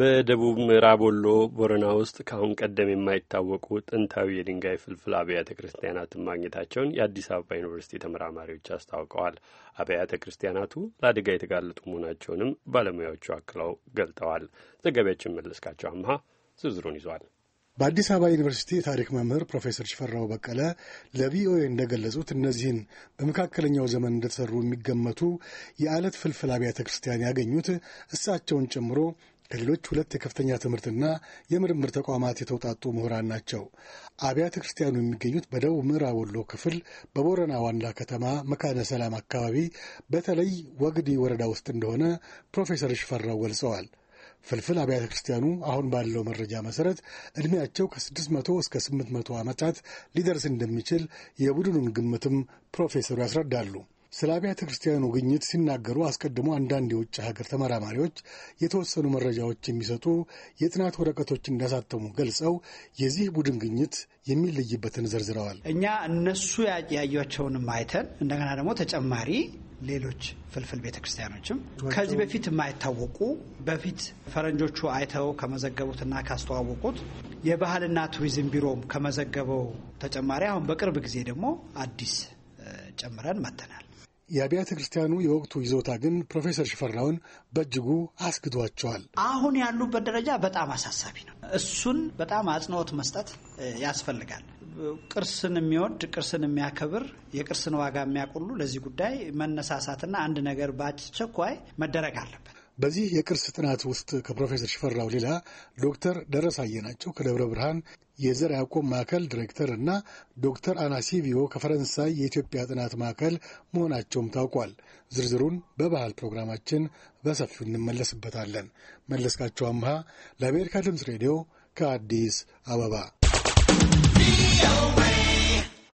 በደቡብ ምዕራብ ወሎ ቦረና ውስጥ ከአሁን ቀደም የማይታወቁ ጥንታዊ የድንጋይ ፍልፍል አብያተ ክርስቲያናትን ማግኘታቸውን የአዲስ አበባ ዩኒቨርሲቲ ተመራማሪዎች አስታውቀዋል። አብያተ ክርስቲያናቱ ለአደጋ የተጋለጡ መሆናቸውንም ባለሙያዎቹ አክለው ገልጠዋል። ዘጋቢያችን መለስካቸው አምሃ ዝርዝሩን ይዟል። በአዲስ አበባ ዩኒቨርሲቲ የታሪክ መምህር ፕሮፌሰር ሽፈራው በቀለ ለቪኦኤ እንደገለጹት እነዚህን በመካከለኛው ዘመን እንደተሰሩ የሚገመቱ የአለት ፍልፍል አብያተ ክርስቲያን ያገኙት እሳቸውን ጨምሮ ከሌሎች ሁለት የከፍተኛ ትምህርትና የምርምር ተቋማት የተውጣጡ ምሁራን ናቸው። አብያተ ክርስቲያኑ የሚገኙት በደቡብ ምዕራብ ወሎ ክፍል በቦረና ዋና ከተማ መካነ ሰላም አካባቢ በተለይ ወግዲ ወረዳ ውስጥ እንደሆነ ፕሮፌሰር ሽፈራው ገልጸዋል። ፍልፍል አብያተ ክርስቲያኑ አሁን ባለው መረጃ መሰረት ዕድሜያቸው ከ600 እስከ 800 ዓመታት ሊደርስ እንደሚችል የቡድኑን ግምትም ፕሮፌሰሩ ያስረዳሉ። ስለ አብያተ ክርስቲያኑ ግኝት ሲናገሩ አስቀድሞ አንዳንድ የውጭ ሀገር ተመራማሪዎች የተወሰኑ መረጃዎች የሚሰጡ የጥናት ወረቀቶች እንዳሳተሙ ገልጸው የዚህ ቡድን ግኝት የሚለይበትን ዘርዝረዋል። እኛ እነሱ ያያቸውንም አይተን እንደገና ደግሞ ተጨማሪ ሌሎች ፍልፍል ቤተ ክርስቲያኖችም ከዚህ በፊት የማይታወቁ በፊት ፈረንጆቹ አይተው ከመዘገቡትና ካስተዋወቁት የባህልና ቱሪዝም ቢሮም ከመዘገበው ተጨማሪ አሁን በቅርብ ጊዜ ደግሞ አዲስ ጨምረን መተናል። የአብያተ ክርስቲያኑ የወቅቱ ይዞታ ግን ፕሮፌሰር ሽፈራውን በእጅጉ አስግቷቸዋል። አሁን ያሉበት ደረጃ በጣም አሳሳቢ ነው። እሱን በጣም አጽንኦት መስጠት ያስፈልጋል። ቅርስን የሚወድ ቅርስን የሚያከብር የቅርስን ዋጋ የሚያቆሉ ለዚህ ጉዳይ መነሳሳትና አንድ ነገር በአስቸኳይ መደረግ አለበት። በዚህ የቅርስ ጥናት ውስጥ ከፕሮፌሰር ሽፈራው ሌላ ዶክተር ደረሳየ ናቸው ከደብረ ብርሃን የዘር ያዕቆብ ማዕከል ዲሬክተር እና ዶክተር አናሲቪዮ ከፈረንሳይ የኢትዮጵያ ጥናት ማዕከል መሆናቸውም ታውቋል። ዝርዝሩን በባህል ፕሮግራማችን በሰፊው እንመለስበታለን። መለስካቸው አምሃ ለአሜሪካ ድምፅ ሬዲዮ ከአዲስ አበባ